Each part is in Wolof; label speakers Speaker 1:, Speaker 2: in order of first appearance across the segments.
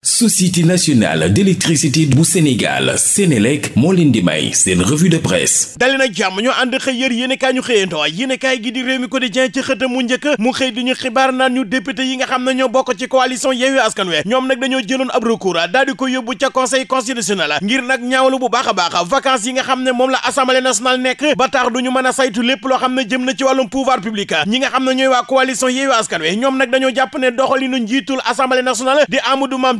Speaker 1: société nationale d'électricité bu Sénégal Sénélec moo leen di may de presse dali nag ñoo ànd xëy yër yéenekaay ñu xëyantoo yéenekaay gi di Rewmi Quotidien ci xët mu njëkk mu xëy di ñu xibaar naan ñu député yi nga xam ne ñoo bokk ci coalition Yewwi Askan Wi ñoom nag dañoo jëloon ab recours daal di ko yóbbu ca conseil constitutionnel ngir nag ñaawlu bu baax a baax yi nga xam ne moom la assemblée nationale nekk ba du a xam ne jëm na ci wàllum xam ne ñooy waa coalition Yewwi Askan Wi ñoom ne doxalinu njiitul assemblée nationale di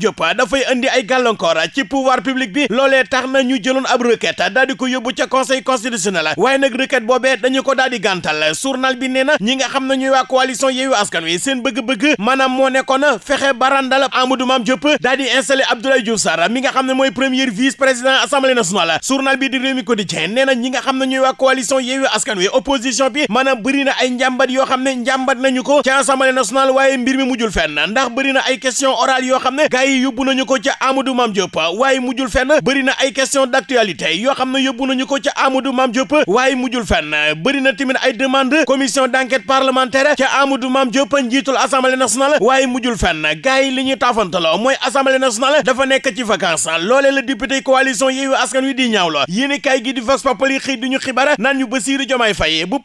Speaker 1: Diop dafay indi ay gàllankoor ci pouvoir public bi loolee tax na ñu jëloon ab requête daal di ko yóbbu ca conseil constitutionnel waaye nag requête boobee dañu ko daal di gàntal bi nee na ñi nga xam ne ñuy waa coalition Yewwi Askan Wi seen bëgg-bëgg maanaam moo nekkoon fexe barandal Amadou Mame Diop daal di installé Abdoulaye Diouf Sarr mi nga xam ne mooy premier vice président assemblée nationale journal bi di Rewmi Quotidien nee na ñi nga xam ne ñuy waa coalition Yewwi Askan Wi opposition maanaam bëri na ay yoo xam ne njàmbat nañu ko ci assemblée nationale waaye mbir mi mujjul fenn ndax bëri na ay question orale yoo xam ne gars yi bi yóbbu nañu ko ca Amadou Mame Diop waaye mujjul fenn bëri na ay question d'actualité yoo xam ne yóbbu nañu ko ca Amadou Mame Diop waaye mujjul fenn bëri na tamit ay demande commission d'enquête parlementaire ca Amadou Mame Diop njiitul assemblée nationale waaye mujjul fenn gars li ñuy taafantaloo mooy assemblée nationale dafa nekk ci vacances loolee la député coalition Yewwi Askan Wi di ñaawlo yéen kay gi di Vox Populi xëy du ñu naan ñu Bassirou Diomaye Faye bu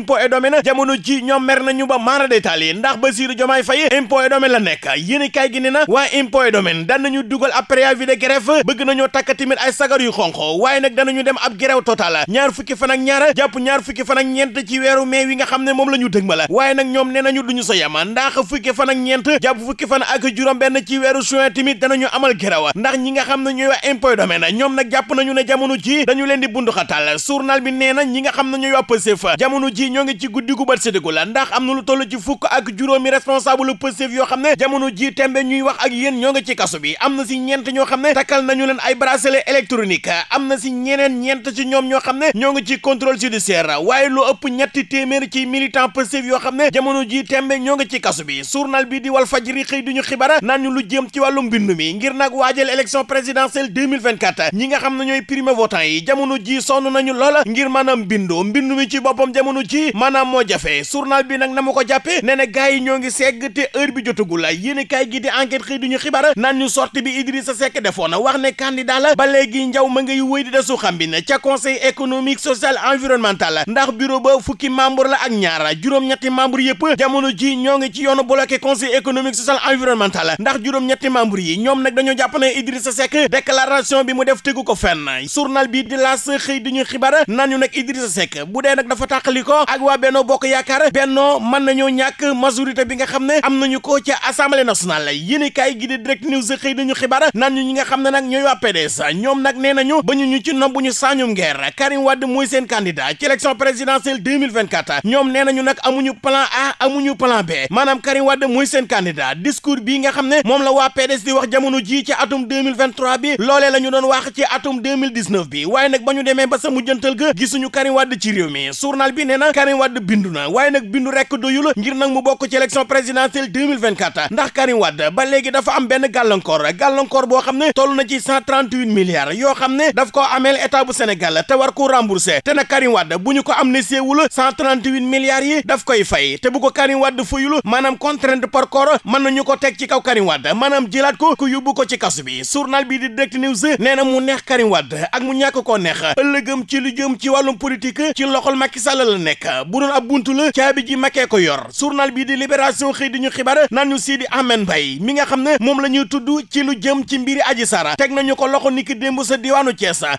Speaker 1: impôt et domaine jamono ji ñoom mer nañu ba maara détaal yi ndax Bassirou Diomaye Faye impôt et domaine la nekk yéen i kaay na waa impôt et domaine daan nañu dugal ab préavis de grève bëgg nañoo takk tamit ay sagar yu xonq waaye nag danañu dem ab grève total ñaar fukki fan ak jàpp ñaar fukki fan ñeent ci weeru mai wi nga xam ne moom la ñu dëgmal waaye nag ñoom nee nañu duñu sa yama ndax fukki fan ak ñeent jàpp fukki fan ak juróom benn ci weeru juin tamit danañu amal ñi nga xam ne ñooy waa impôt et domaine ñoom ne jamono ji dañu leen di bunduxatal journal bi nee na ñi nga xam ne ñooy waa ji ñoo ngi ci guddi gu bët séddiku la ndax am na lu toll ci fukk ak juróomi responsable Pastef yoo xam ne jamono ji tembe ñuy wax ak yéen ñoo ngi ci kaso bi am na si ñeent ñoo xam ne takkal nañu leen ay bracelet électronique am na si ñeneen ñeent ci ñoom ñoo xam ne ñoo ngi ci contrôle judiciaire waaye lu ëpp ñetti téeméer ci militant Pastef yoo xam ne jamono ji tembe ñoo ngi ci kaso bi journal bi di Walf Fadjri xëy duñu xibara naan ñu lu jëm ci wàllu mbind mi ngir nag waajal élection présidentielle 2024 ñi nga xam ne ñooy primo yi jamono ji sonn nañu loola ngir maanaam mbindu mbind mi ci boppam jamono ji gi maanaam moo jafe journal bi nag na ma ko jàppe ne ne gars yi ñoo ngi segg te heure bi jotagul la yéen i kaay gi di enquête xëy duñu xibaar naan ñu sorti bi Idrissa Seck defoon wax ne candidat la ba léegi njaw ma ngay wéy di desu xam bi ne ca conseil économique social environnemental ndax bureau ba fukki membre la ak ñaara juróom-ñetti membre yëpp jamono ji ñoo ngi ci yoonu bloqué conseil économique social environnemental ndax juróom-ñetti membre yi ñoom nag dañoo jàpp ne Idrissa Seck déclaration bi mu def tegu ko fenn journal bi di laas xëy di ñu xibaar naan ñu nag Idrissa Seck bu dee nag dafa ak waa Benno Bokk Yaakaar Benno mën nañoo ñàkk majorité bi nga xam ne am nañu ko ci assemblée nationale yéenekaay gi di Direct News xëy dañu xibaar naan ñu ñi nga xam ne nag ñooy waa PDS ñoom nag nee nañu ñu ñu ci ñu sañum ngeer Karim Wade mooy seen candidat ci élection présidentielle 2024 ñoom nee nañu nag amuñu plan A amuñu plan B maanaam Karim Wade mooy seen candidat discours bii nga xam ne moom la waa PDS di wax jamono ji ci atum 2023 bi loolee la ñu doon wax ci atum 2019 bi waaye nag ba ñu demee ba sa mujjantal ga gisuñu Karim Wade ci réew bi nee na Karim Wade bindu na waaye nag bindu rek doyul ngir nag mu bokk ci élection présidentielle 2024 ndax Karim Wade ba léegi dafa am benn gàllankoor gàllankoor boo xam ne toll na ci 138 milliards yoo xam ne daf ko ameel état bu te war ko remboursé te na Karim Wade bu ñu ko amnistie wul 138 milliards yi daf koy fay te bu ko Karim Wade fayul maanaam contrainte par corps mën nañu ko teg ci kaw Karim Wade maanaam jëlaat ko ku yóbbu ko ci kasu bi journal bi di Direct News nee na mu neex Karim Wade ak mu ñàkk koo neex ëllëgëm ci lu jëm ci wàllum politique ci loxol Macky Sall la nekk nekk bu doon ab buntu la caabi ji makee ko yor journal bii di libération xëy di ñu xibaar naan ñu Sidi Ahmed Mbaye mi nga xam ne moom la ñuy tudd ci lu jëm ci mbiri Adji Sarr teg ñu ko loxo niki démb sa diwaanu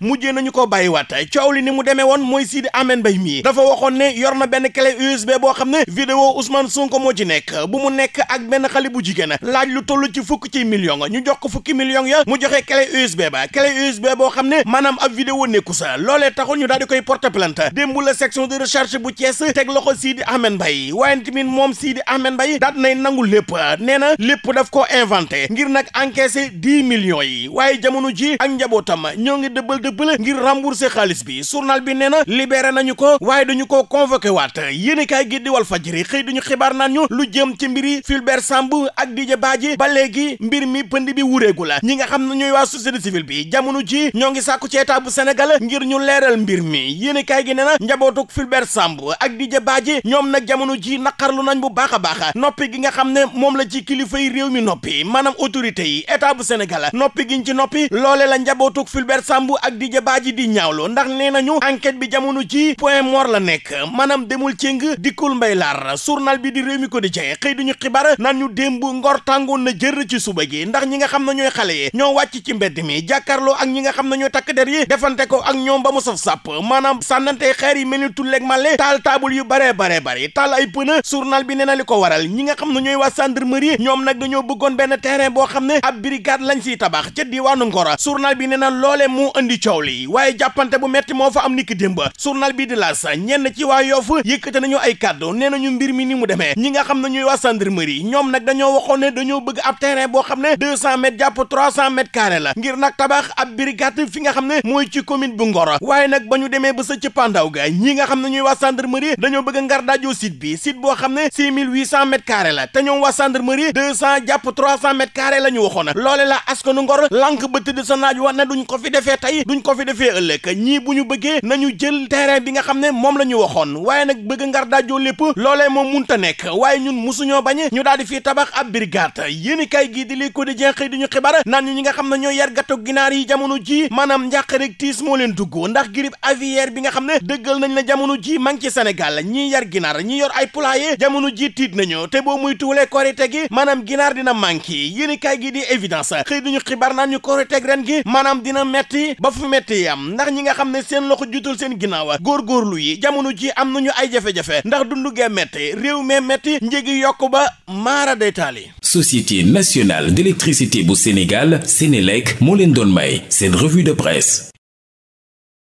Speaker 1: mu mujjee nañu ko bàyyiwaat coow li ni mu demee woon mooy Sidi Ahmed Mbaye mii dafa waxoon ne yor na benn clé USB boo xam ne vidéo Ousmane Sonko moo ci nekk bu mu nekk ak benn xale bu jigéen laaj lu tollu ci fukk ci million ñu jox k fukki million ya mu joxe clé boo xam ne maanaam ab vidéo nekku sa loolee taxul ñu daal di koy porter plainte démb la section de bu Thiès teg loxo Sidi Ahmed Mbaye waaye tamit moom Sidi Ahmed bay daat nay nangu lépp nee na lépp daf ko inventé ngir nag encaissé dix millions yi waaye jamono ji ak njabootam ñoo ngi dëbbal dëbbal ngir rembourser xaalis bi journal bi nee na libéré nañu ko waaye dañu ko convoqué waat yéen kaay gi di Walf Fadjri xëy duñu xibaar na ñu lu jëm ci mbiri Fulbert Samb ak Didier Badji ba léegi mbir mi pënd bi wureegu la ñi nga xam ne ñooy waa société bi jamono ji ñoo ngi sàkku ci état bu ngir ñu leeral mbir mi yéen kaay gi nee na njabootuk Fulbert Samb Samb ak Didier Badji ñoom nag jamono ji naqarlu nañ bu baax a baax noppi gi nga xam ne moom la ci kilifa yi réew mi noppi maanaam autorité yi état bu Sénégal noppi giñ ci noppi loole la njabootu Fulbert Samb ak Didier Badji di ñaawlu ndax nee nañu enquête bi jamono ji point mort la nekk maanaam demul cëng dikkul mbay laar journal bi di réew mi quotidien xëy duñu xibaar naan ñu démb ngor tàngoon na jër ci suba gi ndax ñi nga xam na ñooy xale yi ñoo wàcc ci mbedd mi jàkkaarloo ak ñi nga xam ne ñooy takk der yi defante ko ak ñoom ba mu saf sàpp maanaam sànnante xeer yi mel ni tulleeg taal taabul yu baree baree bare taal ay pëna journal bi nee na li ko waral ñi nga xam ne ñooy waa gendarmerie ñoom nag dañoo bëggoon benn terrain boo xam ne ab brigade lañ siy tabax ca diwaanu Ngor journal bi nee na loole moo indi coow li waaye jàppante bu metti moo fa am niki démba journal bi di laas ñenn ci waa Yoff yëkkate nañu ay kàddu nee nañu mbir mi ni mu demee ñi nga xam ne ñooy waa gendarmerie ñoom nag dañoo waxoon ne dañoo bëgg ab terrain boo xam ne deux cent mètres jàpp trois cent mètres carré la ngir nag tabax ab fi nga xam ne mooy ci commune bu Ngor waaye nag ba ñu demee ba sa ci pandaw gendarmerie bëgg a ngar daajoo site bi site boo xam ne six mille la te ñoom waa gendarmerie deux cent jàpp trois cent mètres waxoon loole la askanu Ngor lànk ba tëdd sa naaj wax ne duñ ko fi defee tey duñ ko fi defee ëllëg ñii bu ñu bëggee nañu jël terrain bi nga xam ne moom la waxoon waaye nag bëgg ngar daajoo lépp loolee moom munta nekk waaye ñun musuñoo bañ ñu daal di tabax ab brigade yéen i kaay gii di li di jenxëy di ñu xibaar naan ñu nga xam ne yar ci Sénégal ñi yar ginaar ñi yor ay poulailler jamono ji tiit nañu te boo muy tuulee korite gi maanaam ginaar dina manqué yéen kaay gi di évidence xëy duñu xibaar naan ñu korite ren gi maanaam dina metti ba fu metti yam ndax ñi nga xam ne seen loxo jutul seen ginnaaw góorgóorlu yi jamono ji am nañu ay jafe-jafe ndax dundu gee metti réew mee metti njëgi yokk ba maara day taali société nationale d'électricité bu Sénégal Sénélec moo leen doon may seen revue de presse